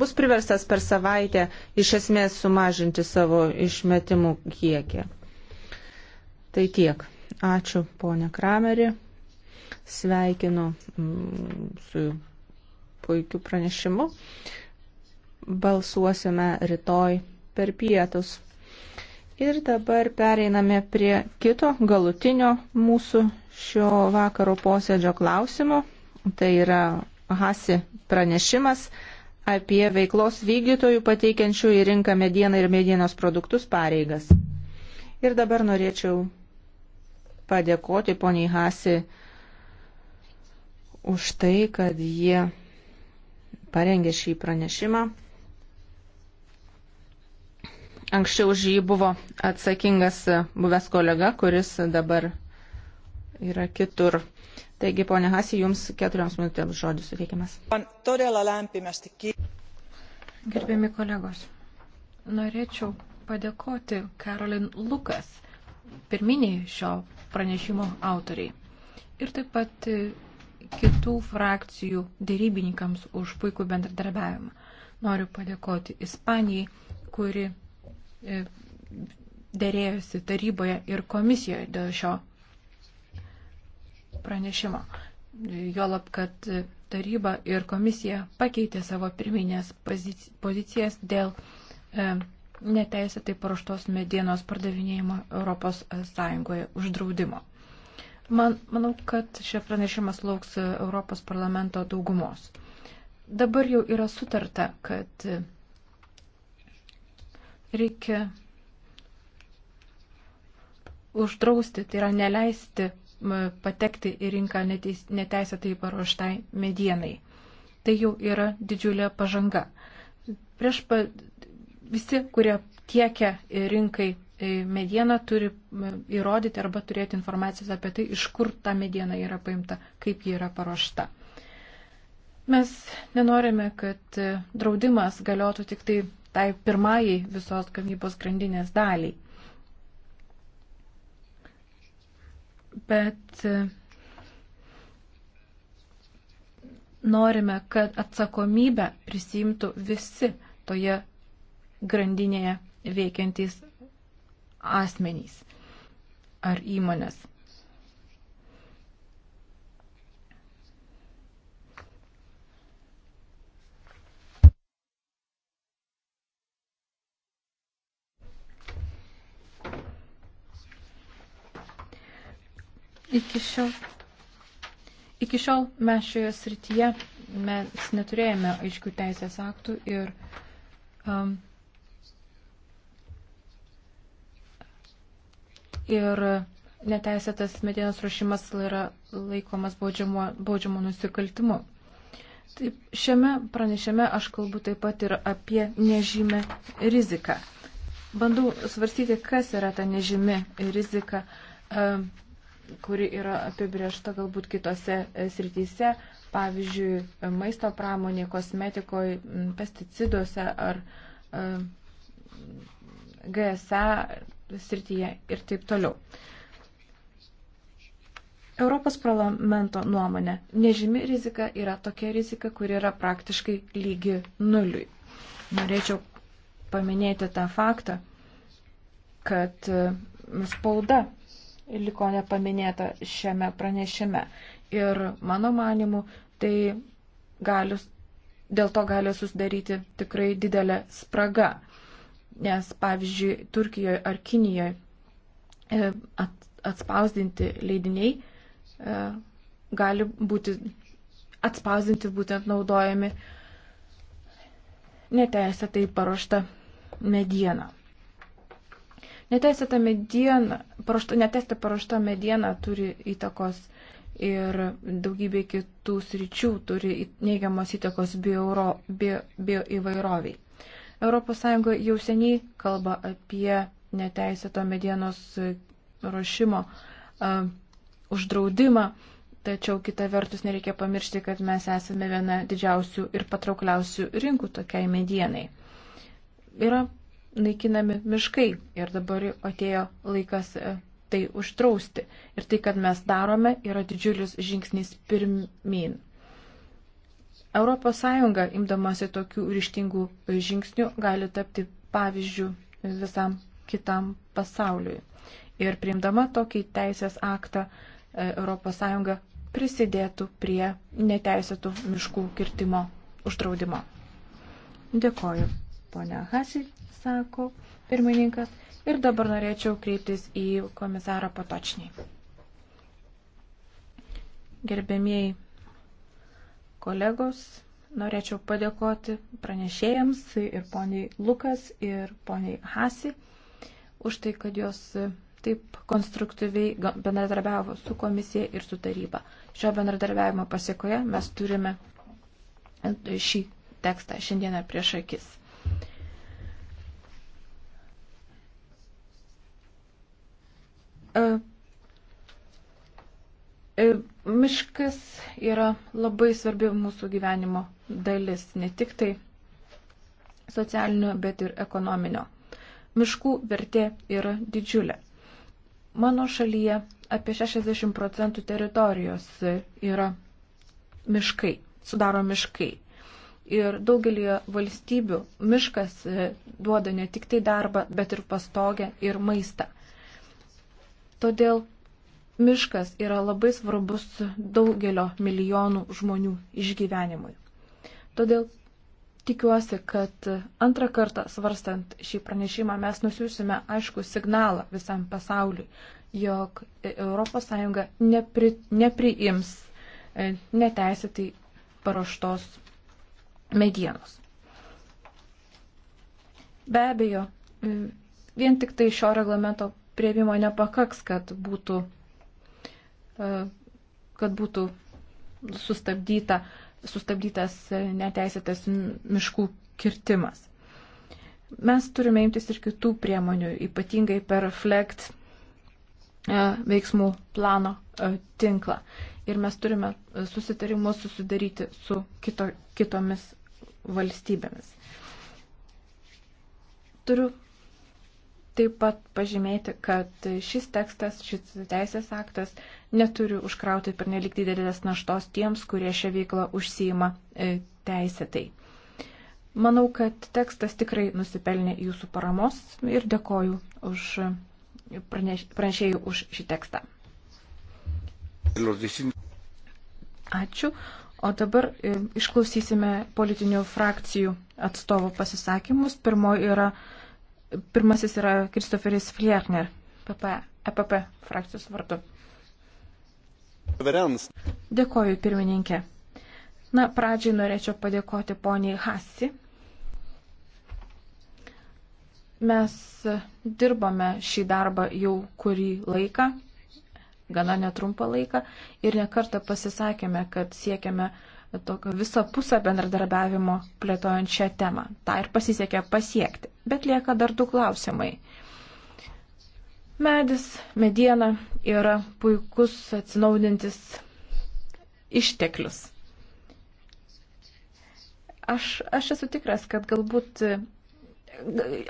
bus priverstas per savaitę iš esmės sumažinti savo išmetimų kiekį. Tai tiek. Ačiū, ponė Krameri. Sveikinu mm, su puikiu pranešimu. Balsuosime rytoj per pietus. Ir dabar pereiname prie kito galutinio mūsų šio vakaro posėdžio klausimo. Tai yra Hasi pranešimas apie veiklos vykdytojų pateikiančių į rinką medieną ir medienos produktus pareigas. Ir dabar norėčiau padėkoti poniai Hasi už tai, kad jie parengė šį pranešimą. Anksčiau už jį buvo atsakingas buvęs kolega, kuris dabar yra kitur. Taigi, ponė Hasi, jums keturioms minutėms žodis suteikiamas. Gerbiami kolegos, norėčiau padėkoti Karolin Lukas, pirminiai šio pranešimo autoriai. Ir taip pat e, kitų frakcijų dėrybininkams už puikų bendradarbiavimą. Noriu padėkoti Ispanijai, kuri e, dėrėjosi taryboje ir komisijoje dėl šio pranešimo. Jolab, kad taryba ir komisija pakeitė savo pirminės pozicijas dėl e, neteisėtai paruoštos medienos pardavinėjimo Europos Sąjungoje uždraudimo. Man, manau, kad šie pranešimas lauks Europos parlamento daugumos. Dabar jau yra sutarta, kad reikia uždrausti, tai yra neleisti patekti į rinką neteisėtai paruoštai medienai. Tai jau yra didžiulė pažanga. Prieš pa, visi, kurie tiekia rinkai medieną, turi įrodyti arba turėti informacijos apie tai, iš kur ta mediena yra paimta, kaip ji yra paruošta. Mes nenorime, kad e, draudimas galiotų tik tai tai pirmajai visos gamybos grandinės daliai. bet e, norime, kad atsakomybę prisimtų visi toje grandinėje veikiantys asmenys ar įmonės. Iki šiol, iki šiol mes šioje srityje mes neturėjome aiškių teisės aktų ir um, ir neteisėtas medienos ruošimas yra laikomas baudžiamu nusikaltimu. Taip, šiame pranešime aš kalbu taip pat ir apie nežymę riziką. Bandau svarstyti, kas yra ta nežymi rizika, um, kuri yra apibriešta galbūt kitose e, srityse, pavyzdžiui, maisto pramonė, kosmetikoje, pesticiduose ar e, GSA srityje ir taip toliau. Europos parlamento nuomonė, nežymi rizika yra tokia rizika, kuri yra praktiškai lygi nuliui. Norėčiau paminėti tą faktą, kad e, spauda liko nepaminėta šiame pranešime. Ir mano manimu, tai gali, dėl to gali susidaryti tikrai didelė spraga. Nes, pavyzdžiui, Turkijoje ar Kinijoje e, atspausdinti leidiniai e, gali būti atspausdinti būtent naudojami neteisėtai paruošta mediena. Neteisėta mediena, paruošta, neteisėta paruošta mediena turi įtakos ir daugybė kitų sričių turi neigiamos įtakos bioįvairoviai. Bio, bio ES jau seniai kalba apie neteisėto medienos ruošimo uh, uždraudimą, tačiau kita vertus nereikia pamiršti, kad mes esame viena didžiausių ir patraukliausių rinkų tokiai medienai. Yra naikinami miškai ir dabar atėjo laikas e, tai uždrausti. Ir tai, kad mes darome, yra didžiulis žingsnis pirmin. ES, imdamasi tokių ryštingų žingsnių, gali tapti pavyzdžių visam kitam pasauliui. Ir priimdama tokį teisės aktą, ES prisidėtų prie neteisėtų miškų kirtimo uždraudimo. Dėkoju ponia Hasi, sako pirmininkas. Ir dabar norėčiau kreiptis į komisarą Patočnį. Gerbėmiai kolegos, norėčiau padėkoti pranešėjams ir poniai Lukas ir poniai Hasi už tai, kad jos taip konstruktyviai bendradarbiavo su komisija ir su taryba. Šio bendradarbiavimo pasiekoje mes turime šį tekstą šiandieną prieš akis. E, e, miškas yra labai svarbi mūsų gyvenimo dalis, ne tik tai socialinio, bet ir ekonominio. Miškų vertė yra didžiulė. Mano šalyje apie 60 procentų teritorijos yra miškai, sudaro miškai. Ir daugelį valstybių miškas duoda ne tik tai darbą, bet ir pastogę ir maistą. Todėl miškas yra labai svarbus daugelio milijonų žmonių išgyvenimui. Todėl tikiuosi, kad antrą kartą svarstant šį pranešimą mes nusiusime aišku signalą visam pasauliui, jog ES nepri, nepriims e, neteisėtai paruoštos medienos. Be abejo, e, vien tik tai šio reglamento prieimimo nepakaks, kad būtų, e, kad būtų sustabdyta, sustabdytas neteisėtas miškų kirtimas. Mes turime imtis ir kitų priemonių, ypatingai per FLECT e, veiksmų plano e, tinklą. Ir mes turime susitarimus susidaryti su kito, kitomis valstybėmis. Turiu taip pat pažymėti, kad šis tekstas, šis teisės aktas neturi užkrauti per nelik didelės naštos tiems, kurie šią veiklą užsijima e, teisėtai. Manau, kad tekstas tikrai nusipelnė jūsų paramos ir dėkoju už pranešėjų už šį tekstą. Ačiū. O dabar e, išklausysime politinių frakcijų atstovų pasisakymus. Pirmoji yra Pirmasis yra Kristoferis Flierner, PP, EPP frakcijos vardu. Dėkoju, pirmininkė. Na, pradžiai norėčiau padėkoti poniai Hasi. Mes dirbame šį darbą jau kurį laiką, gana netrumpą laiką, ir nekartą pasisakėme, kad siekiame uh, tokio visapusą bendradarbiavimo plėtojant šią temą. Ta ir pasisekė pasiekti. Bet lieka dar du klausimai. Medis, mediena yra puikus atsinaudintis išteklius. Aš, aš esu tikras, kad galbūt.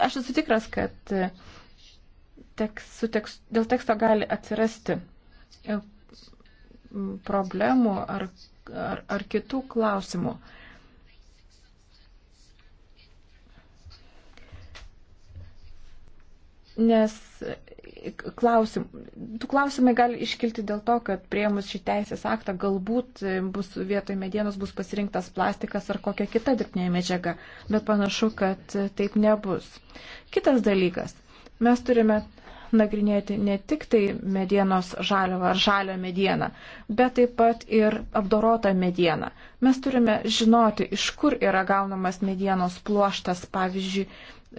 Aš esu tikras, kad teks, teks, dėl teksto gali atsirasti e, problemų ar ar, ar kitų klausimų. Nes klausim, tų klausimai gali iškilti dėl to, kad prieimus šį teisės aktą galbūt bus vietoj medienos bus pasirinktas plastikas ar kokia kita dirbtinė medžiaga, bet panašu, kad taip nebus. Kitas dalykas. Mes turime nagrinėti ne tik tai medienos žaliavą ar žalią medieną, bet taip pat ir apdorotą medieną. Mes turime žinoti, iš kur yra gaunamas medienos pluoštas, pavyzdžiui,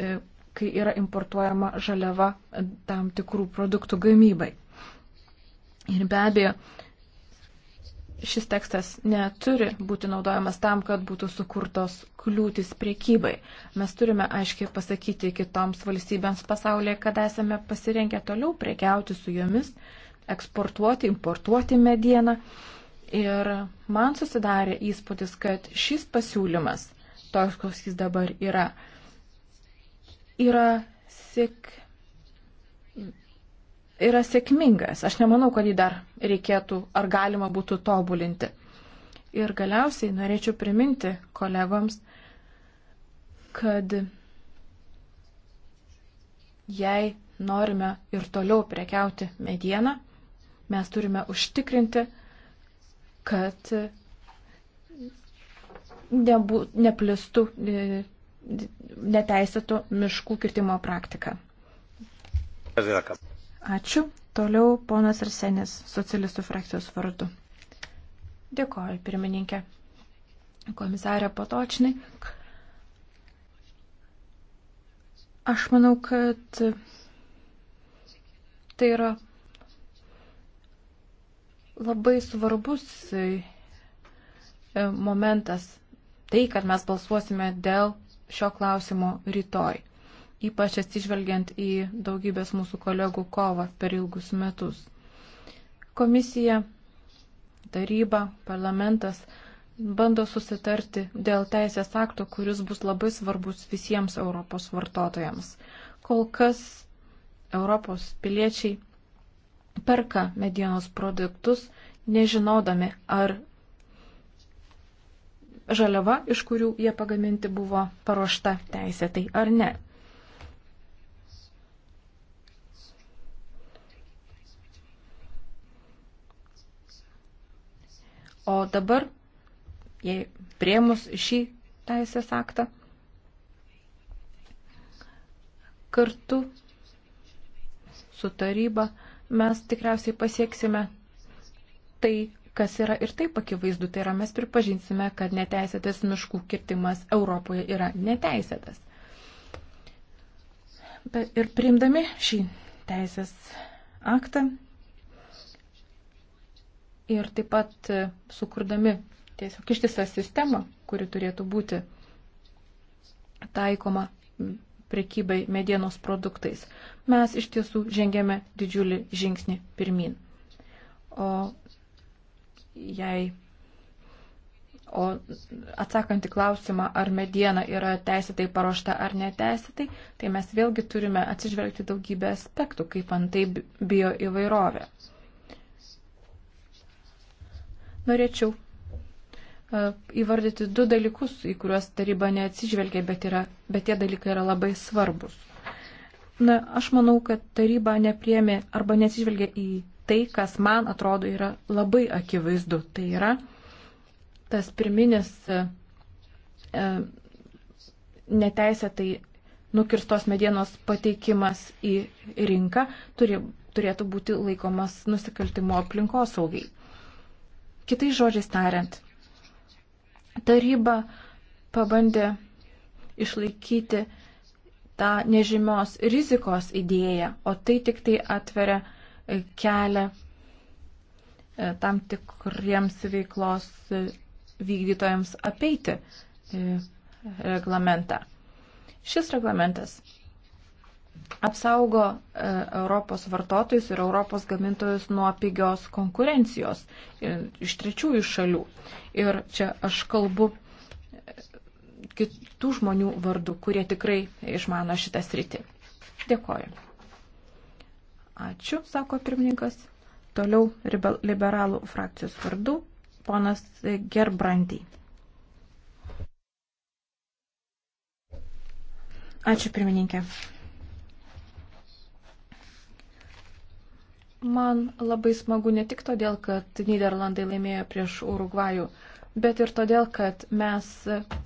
e, kai yra importuojama žaliava tam tikrų produktų gamybai. Ir be abejo, šis tekstas neturi būti naudojamas tam, kad būtų sukurtos kliūtis priekybai. Mes turime aiškiai pasakyti kitoms valstybėms pasaulyje, kad esame pasirengę toliau prekiauti su jomis, eksportuoti, importuoti medieną. Ir man susidarė įspūdis, kad šis pasiūlymas, toks, koks jis dabar yra, yra sėkmės yra sėkmingas. Aš nemanau, kad jį dar reikėtų ar galima būtų tobulinti. Ir galiausiai norėčiau priminti kolegoms, kad jei norime ir toliau prekiauti medieną, mes turime užtikrinti, kad nebū, neplistų e, neteisėtų miškų kirtimo praktika. Gracias. Ačiū. Toliau ponas Arsenis, socialistų frakcijos vardu. Dėkoju, pirmininkė. Komisarė Patočnik. Aš manau, kad tai yra labai svarbus e, momentas tai, kad mes balsuosime dėl šio klausimo rytoj ypač atsižvelgiant į daugybės mūsų kolegų kovą per ilgus metus. Komisija, taryba, parlamentas bando susitarti dėl teisės akto, kuris bus labai svarbus visiems Europos vartotojams. Kol kas Europos piliečiai perka medienos produktus, nežinodami, ar žaliava, iš kurių jie pagaminti, buvo paruošta teisėtai ar ne. O dabar, jei prieimus šį teisės aktą, kartu su taryba mes tikriausiai pasieksime tai, kas yra ir taip akivaizdu, tai yra mes pripažinsime, kad neteisėtas miškų kirtimas Europoje yra neteisėtas. Be, ir priimdami šį teisės aktą ir taip pat e, sukurdami tiesiog ištisą sistemą, kuri turėtų būti taikoma prekybai medienos produktais, mes iš tiesų žengėme didžiulį žingsnį pirmin. O jei O atsakant į klausimą, ar mediena yra teisėtai paruošta ar neteisėtai, tai mes vėlgi turime atsižvelgti daugybę aspektų, kaip antai bio įvairovė. Norėčiau įvardyti du dalykus, į kuriuos taryba neatsižvelgia, bet, yra, bet tie dalykai yra labai svarbus. Na, aš manau, kad taryba nepriemė arba neatsižvelgia į tai, kas man atrodo yra labai akivaizdu. Tai yra tas pirminis e, neteisėtai nukirstos medienos pateikimas į rinką turi, turėtų būti laikomas nusikaltimo aplinkosaugai. saugai. Kitais žodžiais tariant, taryba pabandė išlaikyti tą nežymios rizikos idėją, o tai tik tai atveria e, kelią e, tam tikriems veiklos e, vykdytojams apeiti reglamentą. Šis reglamentas apsaugo e, Europos vartotojus ir Europos gamintojus nuo pigios konkurencijos e, iš trečiųjų šalių. Ir čia aš kalbu e, kitų žmonių vardu, kurie tikrai išmano šitą sritį. Dėkoju. Ačiū, sako pirmininkas. Toliau liberalų frakcijos vardu ponas Gerbrandy. Ačiū pirmininkė. Man labai smagu ne tik todėl, kad Niderlandai laimėjo prieš Urugvajų, bet ir todėl, kad mes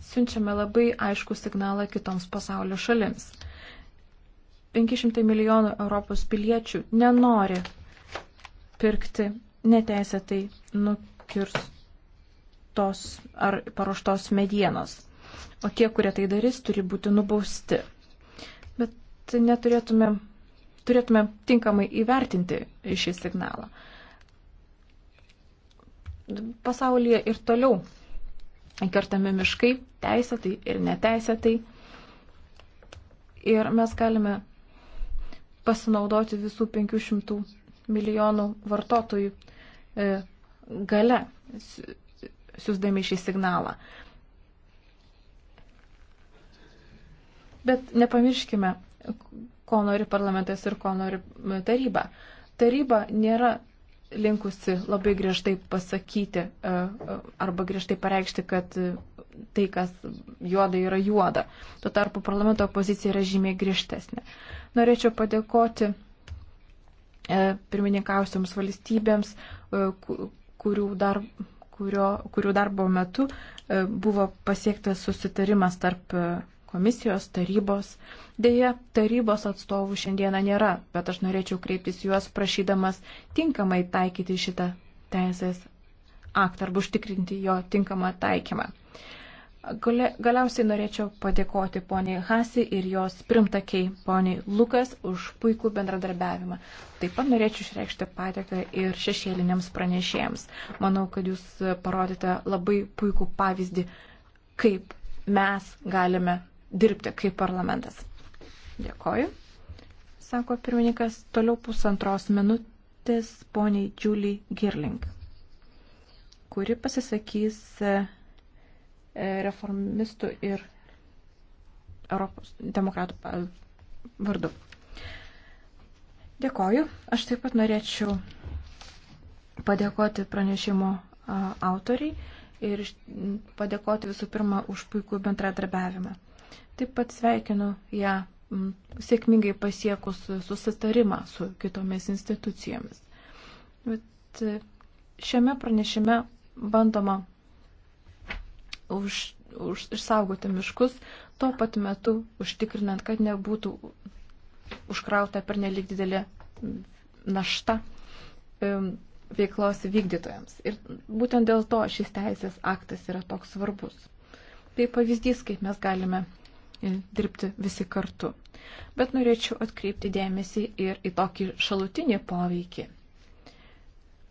siunčiame labai aišku signalą kitoms pasaulio šalims. 500 milijonų Europos piliečių nenori pirkti neteisėtai nukirstos ar paruoštos medienos. O tie, kurie tai darys, turi būti nubausti. Bet neturėtume turėtume tinkamai įvertinti šį signalą. Pasaulyje ir toliau kertami miškai teisėtai ir neteisėtai. Ir mes galime pasinaudoti visų 500 milijonų vartotojų e, gale, siūsdami šį signalą. Bet nepamirškime, ko nori parlamentas ir ko nori taryba. Taryba nėra linkusi labai griežtai pasakyti e, e, arba griežtai pareikšti, kad e, tai, kas juoda, yra juoda. Tuo tarpu parlamento pozicija yra žymiai griežtesnė. Norėčiau padėkoti pirmininkausiams valstybėms, kurių, dar, kurio, kurių darbo metu buvo pasiektas susitarimas tarp komisijos, tarybos. Deja, tarybos atstovų šiandieną nėra, bet aš norėčiau kreiptis juos prašydamas tinkamai taikyti šitą teisės aktą arba užtikrinti jo tinkamą taikymą. Galiausiai norėčiau padėkoti poniai Hasi ir jos primtakiai poniai Lukas už puikų bendradarbiavimą. Taip pat norėčiau išreikšti patieką ir šešėliniams pranešėjams. Manau, kad jūs parodėte labai puikų pavyzdį, kaip mes galime dirbti kaip parlamentas. Dėkoju, sako pirmininkas. Toliau pusantros minutės poniai Julie Girling, kuri pasisakys e, e, reformistų ir Europos demokratų vardu. Dėkoju. Aš taip pat norėčiau padėkoti pranešimo autoriai ir padėkoti visų pirma už puikų bendradarbiavimą. Taip pat sveikinu ją sėkmingai pasiekus susitarimą su kitomis institucijomis. Bet e, šiame pranešime bandoma už, už, išsaugoti miškus, tuo pat metu užtikrinant, kad nebūtų užkrauta per nelik didelė našta e, veiklos vykdytojams. Ir būtent dėl to šis teisės aktas yra toks svarbus. Tai pavyzdys, kaip mes galime E, dirbti visi kartu. Bet norėčiau atkreipti dėmesį ir į tokį šalutinį poveikį,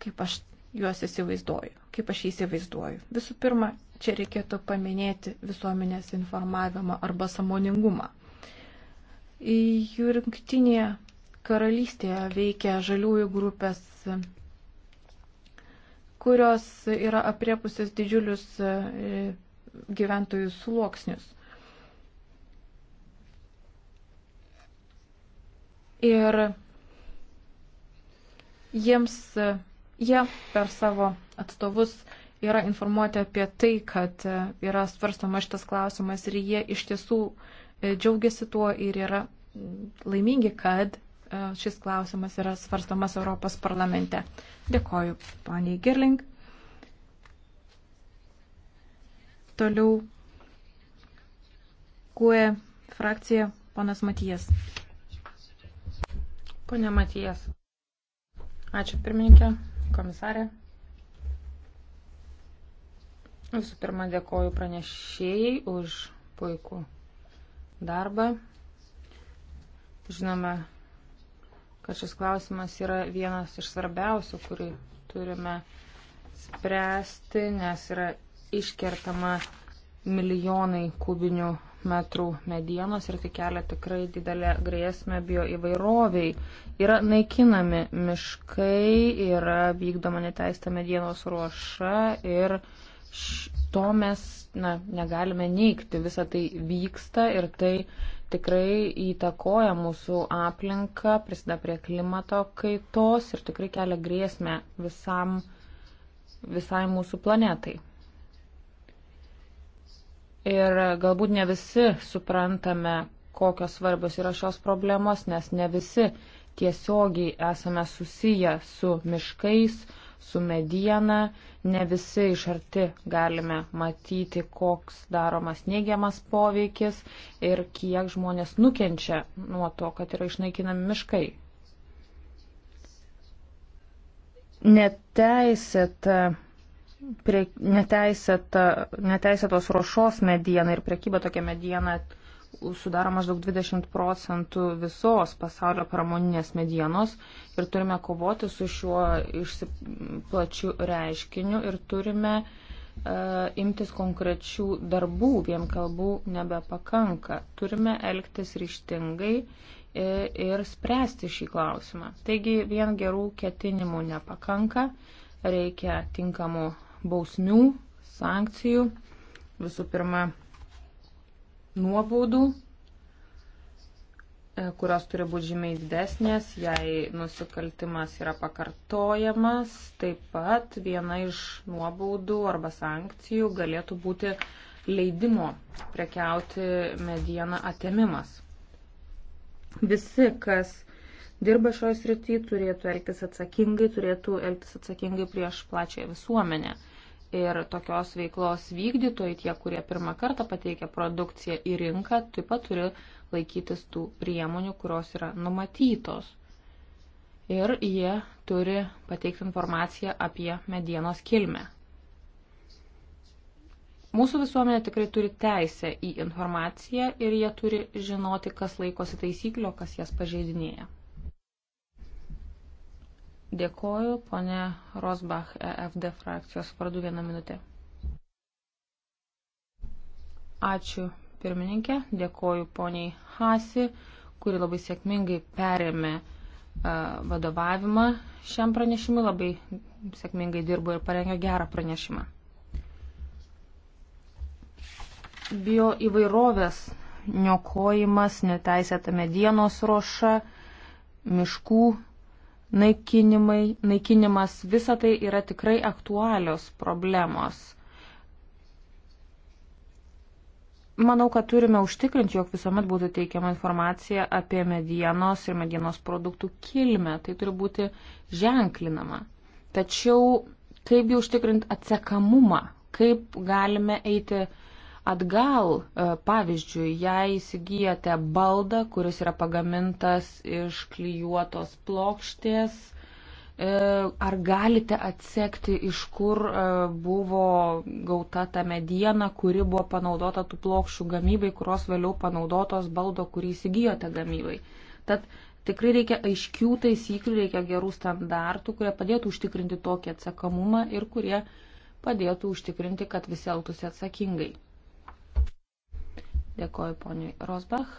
kaip aš juos įsivaizduoju, kaip aš jį įsivaizduoju. Visų pirma, čia reikėtų paminėti visuomenės informavimą arba samoningumą. Jungtinėje karalystėje veikia žaliųjų grupės, kurios yra apriepusios didžiulius e, gyventojų sluoksnius. ir jiems, jie per savo atstovus yra informuoti apie tai, kad e, yra svarstama šitas klausimas ir jie iš tiesų e, džiaugiasi tuo ir yra mm, laimingi, kad e, šis klausimas yra svarstomas Europos parlamente. Dėkoju, poniai Girling. Toliau, kuo frakcija, ponas Matijas. Pone Matijas. Ačiū pirmininkė, komisarė. Visų pirma, dėkoju pranešėjai už puikų darbą. Žinome, kad šis klausimas yra vienas iš svarbiausių, kurį turime spręsti, nes yra iškertama milijonai kubinių metrų medienos ir tai kelia tikrai didelę grėsmę bio įvairoviai. Yra naikinami miškai, yra vykdoma neteista medienos ruoša ir to mes na, negalime neikti. Visa tai vyksta ir tai tikrai įtakoja mūsų aplinką, prisida prie klimato kaitos ir tikrai kelia grėsmę visam, visai mūsų planetai ir galbūt ne visi suprantame, kokios svarbios yra šios problemos, nes ne visi tiesiogiai esame susiję su miškais, su mediena, ne visi iš arti galime matyti, koks daromas neigiamas poveikis ir kiek žmonės nukenčia nuo to, kad yra išnaikinami miškai. Neteisėta prie neteisėta, neteisėtos rošos mediena ir prekyba tokia mediena sudaro maždaug 20 procentų visos pasaulio pramoninės medienos ir turime kovoti su šiuo išsiplačiu reiškiniu ir turime uh, imtis konkrečių darbų, vien kalbų nebepakanka. Turime elgtis ryštingai ir, e, ir spręsti šį klausimą. Taigi vien gerų ketinimų nepakanka, reikia tinkamų bausmių, sankcijų, visų pirma, nuobaudų, e, kurios turi būti žymiai didesnės, jei nusikaltimas yra pakartojamas. Taip pat viena iš nuobaudų arba sankcijų galėtų būti leidimo prekiauti medieną atėmimas. Visi, kas dirba šioje srityje, turėtų elgtis atsakingai, turėtų elgtis atsakingai prieš plačią visuomenę ir tokios veiklos vykdytojai, tie, kurie pirmą kartą pateikia produkciją į rinką, taip pat turi laikytis tų priemonių, kurios yra numatytos. Ir jie turi pateikti informaciją apie medienos kilmę. Mūsų visuomenė tikrai turi teisę į informaciją ir jie turi žinoti, kas laikosi taisyklio, kas jas pažeidinėja. Dėkoju, ponė Rosbach, EFD frakcijos vardu vieną minutę. Ačiū pirmininkė, dėkoju poniai Hasi, kuri labai sėkmingai perėmė e, vadovavimą šiam pranešimui, labai sėkmingai dirbo ir parengė gerą pranešimą. Bio įvairovės niokojimas, neteisėta medienos roša, miškų naikinimai, naikinimas, visa tai yra tikrai aktualios problemos. Manau, kad turime užtikrinti, jog visuomet būtų teikiama informacija apie medienos ir medienos produktų kilmę. Tai turi būti ženklinama. Tačiau kaipgi užtikrinti atsekamumą, kaip galime eiti atgal. E, pavyzdžiui, jei įsigijate baldą, kuris yra pagamintas iš klyjuotos plokštės, e, ar galite atsekti, iš kur e, buvo gauta ta mediena, kuri buvo panaudota tų plokščių gamybai, kurios vėliau panaudotos baldo, kurį įsigijote gamybai. Tad tikrai reikia aiškių taisyklių, reikia gerų standartų, kurie padėtų užtikrinti tokį atsakomumą ir kurie padėtų užtikrinti, kad visi elgtųsi atsakingai. Dėkoju poniai Rosbach.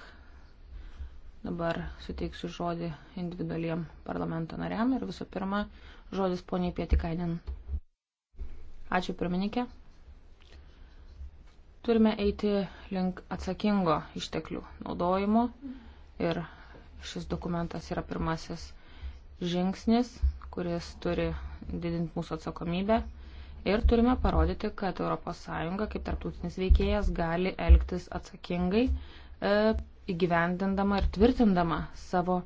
Dabar suteiksiu žodį individualiem parlamento nariam ir visų pirma žodis poniai Pietikainen. Ačiū pirmininkė. Turime eiti link atsakingo išteklių naudojimo ir šis dokumentas yra pirmasis žingsnis, kuris turi didinti mūsų atsakomybę ir turime parodyti, kad ES kaip tarptautinis veikėjas gali elgtis atsakingai, e, įgyvendindama ir tvirtindama savo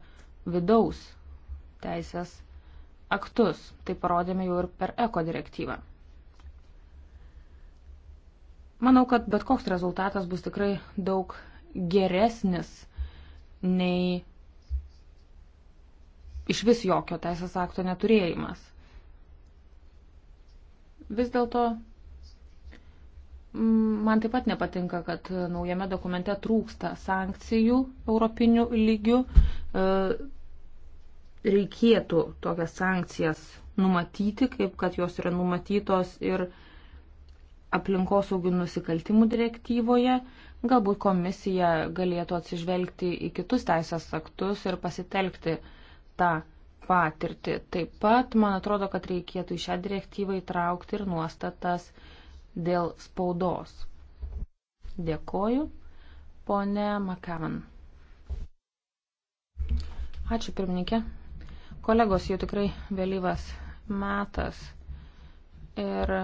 vidaus teisės aktus. Tai parodėme jau ir per eko direktyvą. Manau, kad bet koks rezultatas bus tikrai daug geresnis nei iš vis jokio teisės akto neturėjimas. Vis dėlto man taip pat nepatinka, kad naujame dokumente trūksta sankcijų europinių lygių. E, reikėtų tokias sankcijas numatyti, kaip kad jos yra numatytos ir aplinkosaugų nusikaltimų direktyvoje. Galbūt komisija galėtų atsižvelgti į kitus teisės aktus ir pasitelkti tą patirtį. Taip pat, man atrodo, kad reikėtų į šią direktyvą įtraukti ir nuostatas dėl spaudos. Dėkoju, ponė Makavan. Ačiū, pirmininkė. Kolegos, jau tikrai vėlyvas metas. Ir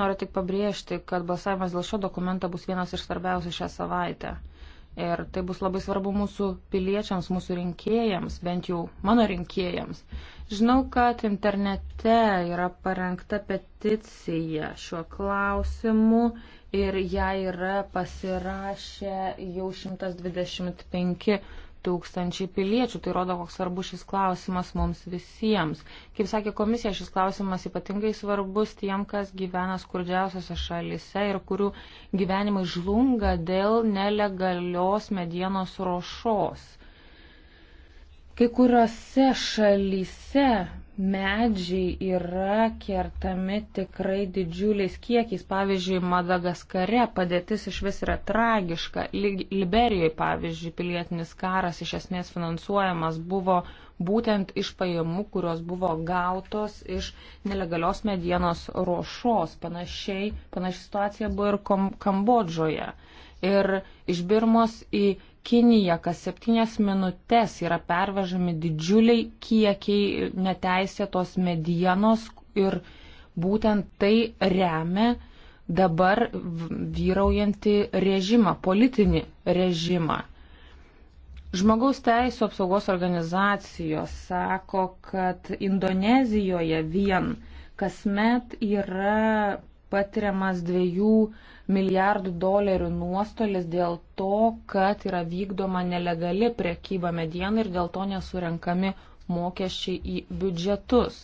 noriu tik pabrėžti, kad balsavimas dėl šio dokumento bus vienas iš svarbiausių šią savaitę. Ir tai bus labai svarbu mūsų piliečiams, mūsų rinkėjams, bent jau mano rinkėjams. Žinau, kad internete yra parengta peticija šiuo klausimu ir ją yra pasirašę jau 125 tūkstančiai piliečių. Tai rodo, koks svarbus šis klausimas mums visiems. Kaip sakė komisija, šis klausimas ypatingai svarbus tiem, kas gyvena skurdžiausiose šalise ir kurių gyvenimai žlunga dėl nelegalios medienos rošos. Kai kuriuose šalyse medžiai yra kertami tikrai didžiuliais kiekiais. Pavyzdžiui, Madagaskare padėtis iš vis yra tragiška. Liberijoje, pavyzdžiui, pilietinis karas iš esmės finansuojamas buvo būtent iš pajamų, kurios buvo gautos iš nelegalios medienos rošos. Panašiai, panaši situacija buvo ir Kambodžoje. Ir iš Birmos į Kinija kas septynias minutės yra pervežami didžiuliai kiekiai neteisėtos medienos ir būtent tai remia dabar vyraujantį režimą, politinį režimą. Žmogaus teisų apsaugos organizacijos sako, kad Indonezijoje vien kasmet yra patiriamas dviejų milijardų dolerių nuostolis dėl to, kad yra vykdoma nelegali priekyba mediena ir dėl to nesurenkami mokesčiai į biudžetus.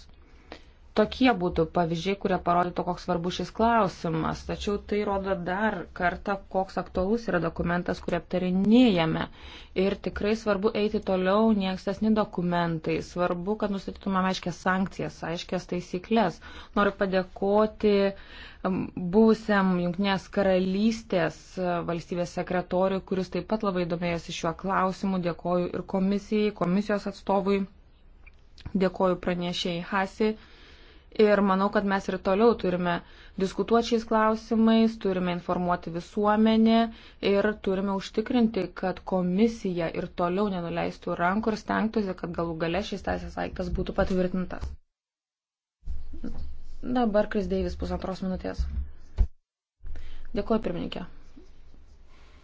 Tokie būtų pavyzdžiai, kurie parodytų, koks svarbus šis klausimas. Tačiau tai rodo dar kartą, koks aktualus yra dokumentas, kurį aptarinėjame. Ir tikrai svarbu eiti toliau nei ankstesni dokumentai. Svarbu, kad nustatytumėm aiškias sankcijas, aiškias taisyklės. Noriu padėkoti um, buvusiam Junktinės karalystės uh, valstybės sekretoriui, kuris taip pat labai domėjosi šiuo klausimu. Dėkoju ir komisijai, komisijos atstovui. Dėkoju pranešėjai Hasi Ir manau, kad mes ir toliau turime diskutuoti šiais klausimais, turime informuoti visuomenę ir turime užtikrinti, kad komisija ir toliau nenuleistų rankų ir stengtųsi, kad galų gale šis teisės aiktas būtų patvirtintas. Dabar Kris Deivis pusantros minutės. Dėkuoju, pirmininkė.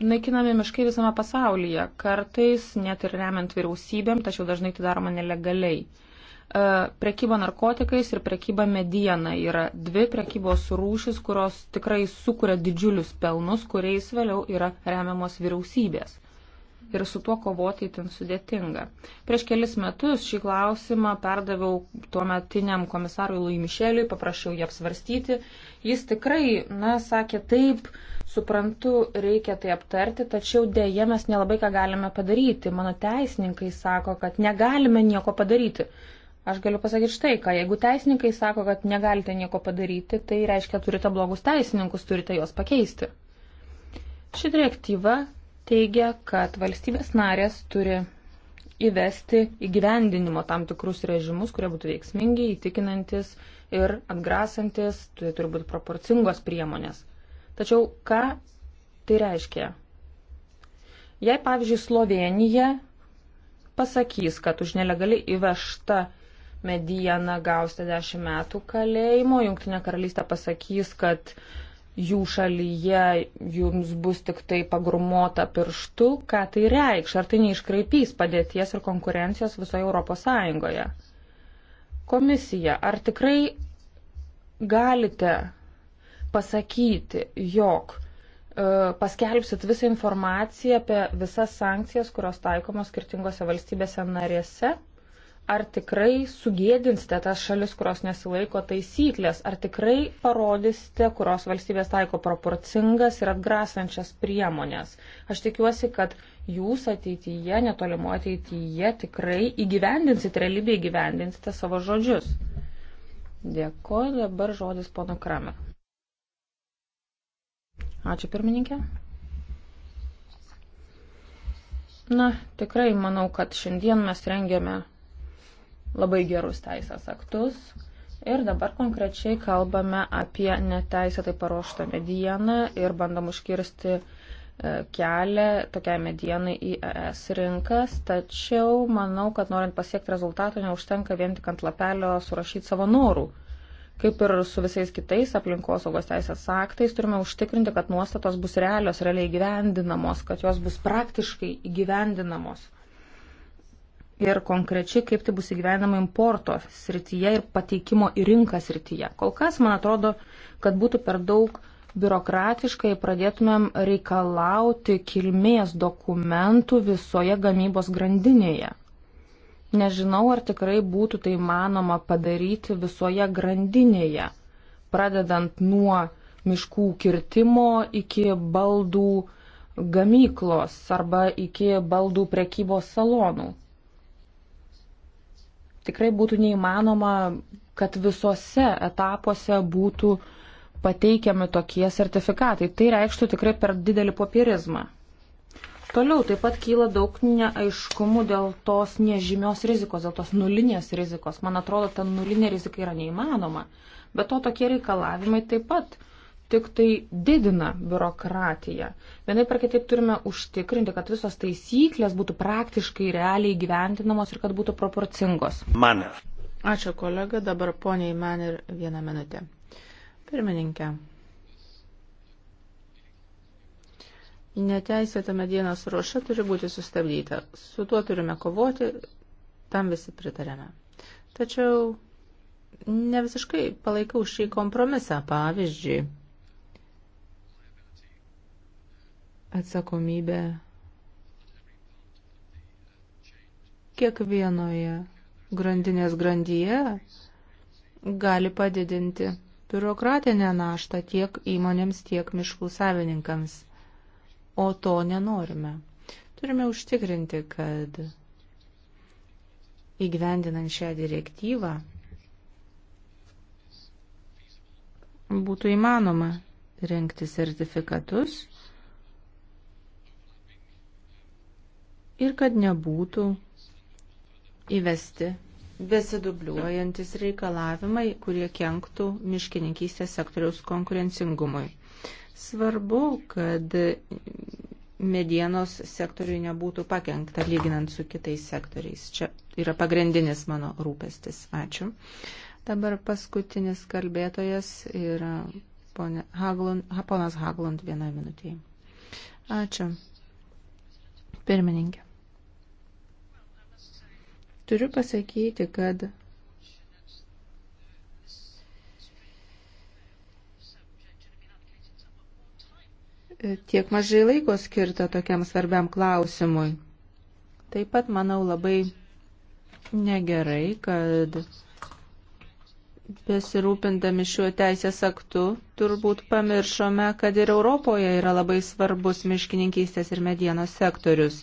Naikinami miškai visame pasaulyje, kartais net ir remiant vyriausybėm, tačiau dažnai tai daroma nelegaliai. E, prekyba narkotikais ir prekyba mediena yra dvi prekybos rūšis, kurios tikrai sukuria didžiulius pelnus, kuriais vėliau yra remiamos vyriausybės. Ir su tuo kovoti itin sudėtinga. Prieš kelis metus šį klausimą perdaviau tuometiniam komisarui Lui Mišeliui, paprašiau jį apsvarstyti. Jis tikrai, na, sakė taip, suprantu, reikia tai aptarti, tačiau dėje mes nelabai ką galime padaryti. Mano teisininkai sako, kad negalime nieko padaryti. Aš galiu pasakyti štai ką, jeigu teisininkai sako, kad negalite nieko padaryti, tai reiškia turite blogus teisininkus, turite juos pakeisti. Ši direktyva teigia, kad valstybės narės turi įvesti įgyvendinimo tam tikrus režimus, kurie būtų veiksmingi, įtikinantis ir atgrasantis, tai turi būti proporcingos priemonės. Tačiau ką tai reiškia? Jei, pavyzdžiui, Slovenija pasakys, kad už nelegaliai įvežta medieną gausite 10 metų kalėjimo, Junktinė karalystė pasakys, kad jų šalyje jums bus tik tai pagrumota pirštu, ką tai reikš, ar tai neiškraipys padėties ir konkurencijos visoje Europos Sąjungoje. Komisija, ar tikrai galite pasakyti, jog e, paskelbsit visą informaciją apie visas sankcijas, kurios taikomos skirtingose valstybėse narėse ar tikrai sugėdinsite tas šalis, kurios nesilaiko taisyklės, ar tikrai parodysite, kurios valstybės taiko proporcingas ir atgrasančias priemonės. Aš tikiuosi, kad jūs ateityje, netolimo ateityje, tikrai įgyvendinsit, realybėje įgyvendinsite savo žodžius. Dėkoju, dabar žodis pono Krame. Ačiū pirmininkė. Na, tikrai manau, kad šiandien mes rengiame labai gerus teisės aktus. Ir dabar konkrečiai kalbame apie neteisėtai paruoštą medieną ir bandom užkirsti e, kelią tokiai medienai į ES rinkas. Tačiau manau, kad norint pasiekti rezultatų, neužtenka vien tik ant lapelio surašyti savo norų. Kaip ir su visais kitais aplinkosaugos teisės aktais, turime užtikrinti, kad nuostatos bus realios, realiai gyvendinamos, kad jos bus praktiškai įgyvendinamos ir konkrečiai, kaip tai bus įgyvenama importo srityje ir pateikimo į rinką srityje. Kol kas, man atrodo, kad būtų per daug biurokratiškai pradėtumėm reikalauti kilmės dokumentų visoje gamybos grandinėje. Nežinau, ar tikrai būtų tai manoma padaryti visoje grandinėje, pradedant nuo miškų kirtimo iki baldų gamyklos arba iki baldų prekybos salonų tikrai būtų neįmanoma, kad visose etapuose būtų pateikiami tokie sertifikatai. Tai reikštų tikrai per didelį popierizmą. Toliau taip pat kyla daug neaiškumų dėl tos nežymios rizikos, dėl tos nulinės rizikos. Man atrodo, ta nulinė rizika yra neįmanoma. Bet to tokie reikalavimai taip pat uh, tik tai didina biurokratiją. Vienaip ar kitaip turime užtikrinti, kad visos taisyklės būtų praktiškai realiai gyventinamos ir kad būtų proporcingos. Mane. Ačiū kolega, dabar poniai man ir vieną minutę. Pirmininkė. Neteisėtame dienos ruoša turi būti sustabdyta. Su tuo turime kovoti, tam visi pritarėme. Tačiau ne visiškai palaikau šį kompromisą, pavyzdžiui. atsakomybę kiekvienoje grandinės grandyje gali padidinti biurokratinę naštą tiek įmonėms, tiek miškų savininkams. O to nenorime. Turime užtikrinti, kad įgyvendinant šią direktyvą būtų įmanoma rengti sertifikatus ir kad nebūtų įvesti besidubliuojantis reikalavimai, kurie kenktų miškininkystės sektoriaus konkurencingumui. Svarbu, kad medienos sektoriui nebūtų pakengta lyginant su kitais sektoriais. Čia yra pagrindinis mano rūpestis. Ačiū. Dabar paskutinis kalbėtojas yra ponė Haglund, ponas Haglund vienai minutėjai. Ačiū. Pirmininkė. Turiu pasakyti, kad tiek mažai laiko skirta tokiam svarbiam klausimui. Taip pat, manau, labai negerai, kad besirūpindami šiuo teisės aktu, turbūt pamiršome, kad ir Europoje yra labai svarbus miškininkystės ir medienos sektorius,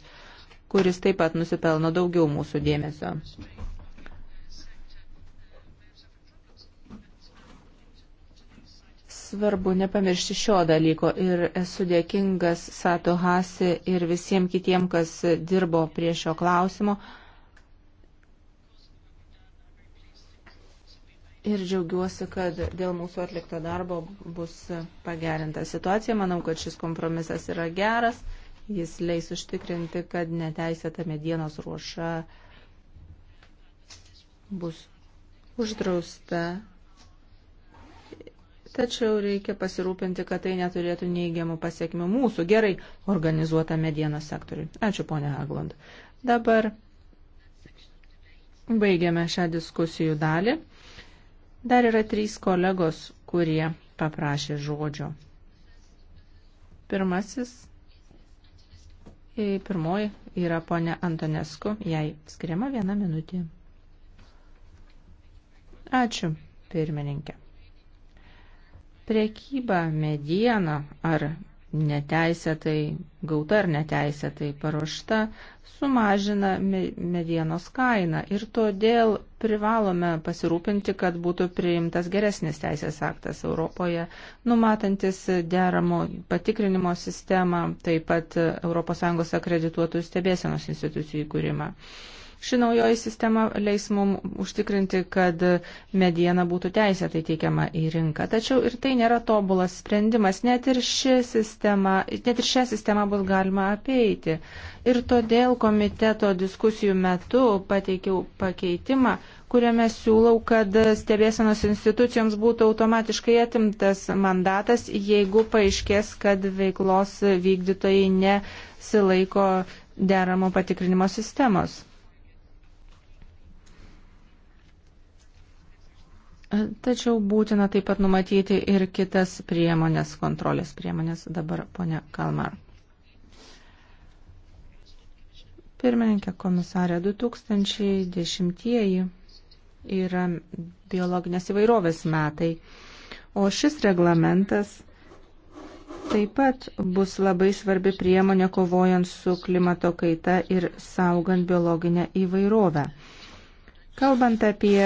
kuris taip pat nusipelno daugiau mūsų dėmesio. Svarbu nepamiršti šio dalyko ir esu dėkingas Sato Hasi ir visiems kitiem, kas dirbo prie šio klausimo. Ir džiaugiuosi, kad dėl mūsų atlikto darbo bus pagerinta situacija. Manau, kad šis kompromisas yra geras. Jis leis užtikrinti, kad neteisėta medienos ruoša bus uždrausta. Tačiau reikia pasirūpinti, kad tai neturėtų neįgiamų pasiekmių mūsų gerai organizuotą medienos sektoriui. Ačiū, ponė Haglund. Dabar baigiame šią diskusijų dalį. Dar yra trys kolegos, kurie paprašė žodžio. Pirmasis, e, pirmoji yra ponia Antonesku, jai skiriama viena minutė. Ačiū, pirmininkė. Prekyba mediena ar neteisėtai gauta ar neteisėtai paruošta sumažina medienos kainą ir todėl privalome pasirūpinti, kad būtų priimtas geresnis teisės aktas Europoje, numatantis deramo patikrinimo sistemą, taip pat ES akredituotų stebėsenos institucijų įkūrimą. Ši naujoji sistema leis mums užtikrinti, kad mediena būtų teisėtai teikiama į rinką. Tačiau ir tai nėra tobulas sprendimas. Net ir, sistema, net ir šią sistemą bus galima apeiti. Ir todėl komiteto diskusijų metu pateikiau pakeitimą, kuriame siūlau, kad stebėsenos institucijoms būtų automatiškai atimtas mandatas, jeigu paaiškės, kad veiklos vykdytojai nesilaiko deramo patikrinimo sistemos. Tačiau būtina taip pat numatyti ir kitas priemonės, kontrolės priemonės dabar, ponia Kalmar. Pirmininkė komisarė 2010 yra biologinės įvairovės metai, o šis reglamentas taip pat bus labai svarbi priemonė kovojant su klimato kaita ir saugant biologinę įvairovę. Kalbant apie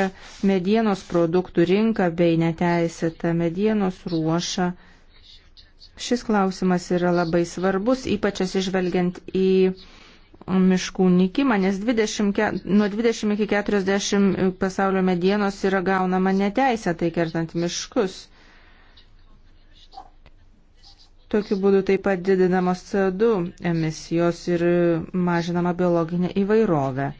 medienos produktų rinką bei neteisėtą medienos ruošą, šis klausimas yra labai svarbus, ypač atsižvelgiant į miškų nykimą, nes 20, nuo 20 iki 40 pasaulio medienos yra gaunama neteisėtai kertant miškus. Tokiu būdu taip pat didinamos CO2 emisijos ir mažinama biologinė įvairovė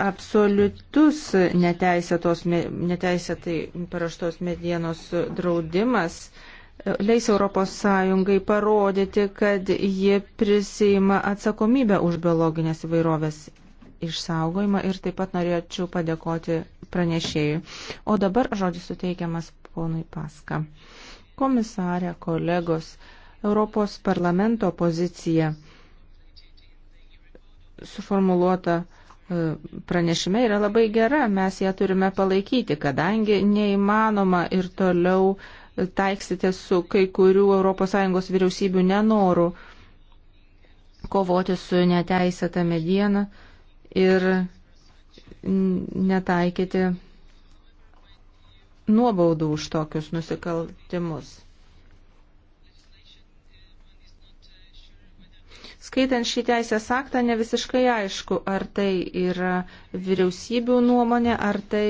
absoliutus neteisėtai paraštos medienos draudimas leis ES parodyti, kad ji prisima atsakomybę už biologinės įvairovės išsaugojimą ir taip pat norėčiau padėkoti pranešėjui. O dabar žodis suteikiamas ponui Paska. Komisarė, kolegos, Europos parlamento pozicija suformuluota E, pranešime yra labai gera, mes ją turime palaikyti, kadangi neįmanoma ir toliau taiksite su kai kurių ES vyriausybių nenoru kovoti su neteisėta mediena ir netaikyti nuobaudų už tokius nusikaltimus. Skaitant šį teisės aktą, ne visiškai aišku, ar tai yra vyriausybių nuomonė, ar tai.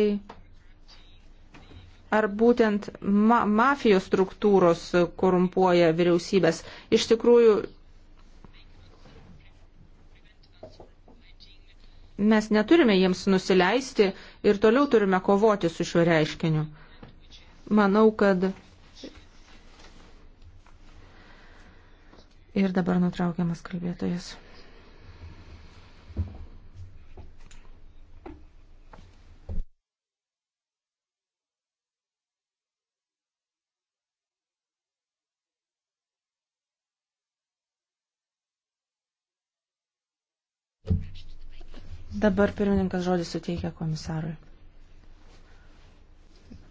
Ar būtent ma mafijos struktūros korumpuoja vyriausybės. Iš tikrųjų, mes neturime jiems nusileisti ir toliau turime kovoti su šiuo reiškiniu. Manau, kad Ir dabar nutraukiamas kalbėtojas. Dabar pirmininkas žodį suteikia komisarui.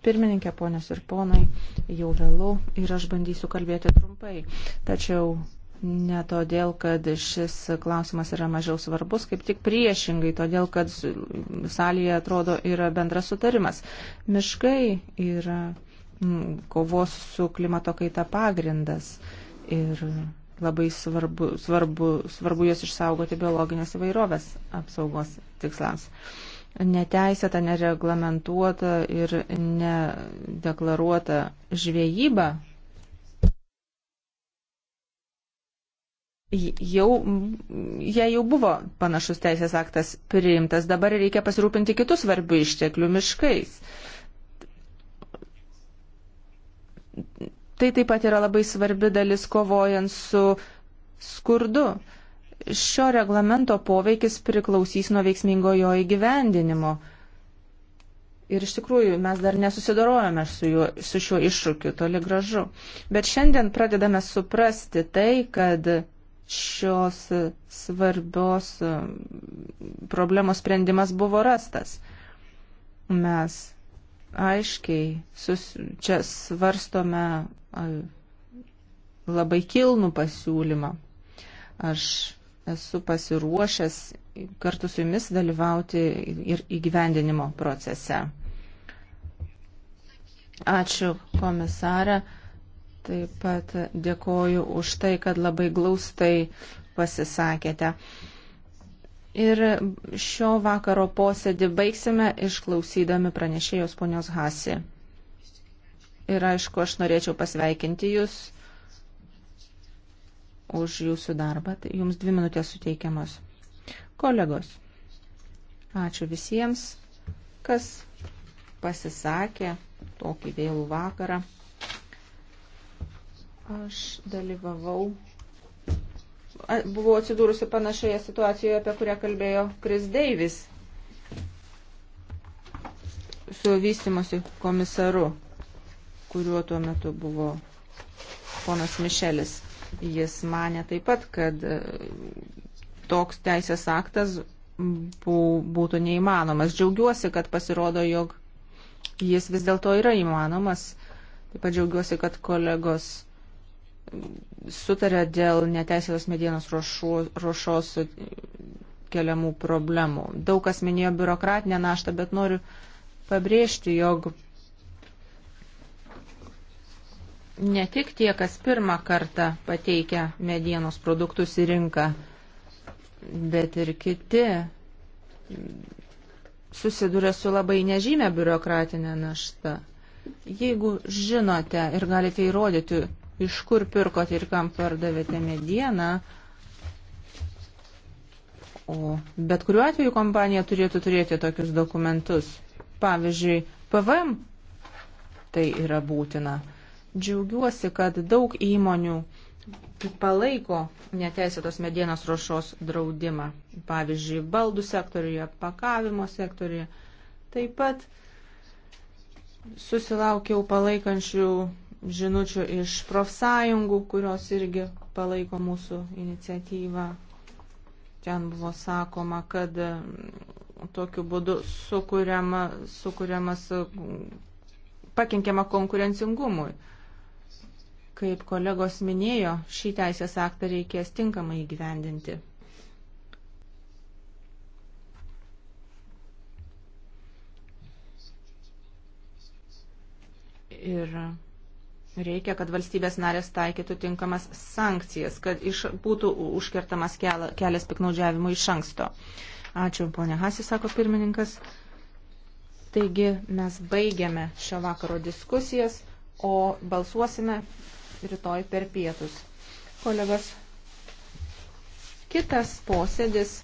Pirmininkė, ponios ir ponai, jau vėlu ir aš bandysiu kalbėti trumpai. Tačiau Ne todėl, kad šis klausimas yra mažiau svarbus, kaip tik priešingai, todėl, kad salėje atrodo yra bendras sutarimas. Miškai yra m, kovos su klimato kaita pagrindas ir labai svarbu, svarbu, svarbu juos išsaugoti biologinės įvairovės apsaugos tikslams. Neteisėta, nereglamentuota ir nedeklaruota žvėjyba jau, jie jau buvo panašus teisės aktas priimtas, dabar reikia pasirūpinti kitus svarbių išteklių miškais. Tai taip pat yra labai svarbi dalis kovojant su skurdu. Šio reglamento poveikis priklausys nuo veiksmingo jo įgyvendinimo. Ir iš tikrųjų mes dar nesusidorojame su, juo, su šiuo iššūkiu toli gražu. Bet šiandien pradedame suprasti tai, kad šios svarbios mm, problemos sprendimas buvo rastas. Mes aiškiai sus, čia svarstome labai kilnų pasiūlymą. Aš esu pasiruošęs kartu su jumis dalyvauti ir įgyvendinimo procese. Ačiū komisarė. Taip pat dėkoju už tai, kad labai glaustai pasisakėte. Ir šio vakaro posėdį baigsime išklausydami pranešėjos ponios Hasi. Ir aišku, aš norėčiau pasveikinti Jūs už Jūsų darbą. Tai jums dvi minutės suteikiamos. Kolegos, ačiū visiems, kas pasisakė tokį vėlų vakarą. Aš dalyvavau, buvau atsidūrusi panašioje situacijoje, apie kurią kalbėjo Kris Deivis su vystimosi komisaru, kuriuo tuo metu buvo ponas Mišelis. Jis mane taip pat, kad e, toks teisės aktas būtų neįmanomas. Džiaugiuosi, kad pasirodo, jog jis vis dėlto yra įmanomas. Taip pat džiaugiuosi, kad kolegos sutarė dėl neteisėtos medienos ruošos keliamų problemų. Daug kas minėjo biurokratinę naštą, bet noriu pabrėžti, jog ne tik tie, kas pirmą kartą pateikia medienos produktus į rinką, bet ir kiti susiduria su labai nežymė biurokratinė našta. Jeigu žinote ir galite įrodyti iš kur pirkote ir kam pardavėte medieną. O bet kuriuo atveju kompanija turėtų turėti tokius dokumentus. Pavyzdžiui, PVM tai yra būtina. Džiaugiuosi, kad daug įmonių palaiko neteisėtos medienos rošos draudimą. Pavyzdžiui, baldų sektoriuje, pakavimo sektoriuje. Taip pat susilaukiau palaikančių žinučių iš profsąjungų, kurios irgi palaiko mūsų iniciatyvą. Ten buvo sakoma, kad mm, tokiu būdu sukuriama, sukuriamas mm, pakenkiama konkurencingumui. Kaip kolegos minėjo, šį teisės aktą reikės tinkamai įgyvendinti. Ir Reikia, kad valstybės narės taikytų tinkamas sankcijas, kad iš, būtų užkertamas kelia, kelias piknaudžiavimui iš anksto. Ačiū, ponė Hasi, sako pirmininkas. Taigi mes baigiame šio vakaro diskusijas, o balsuosime rytoj per pietus. Kolegos, kitas posėdis.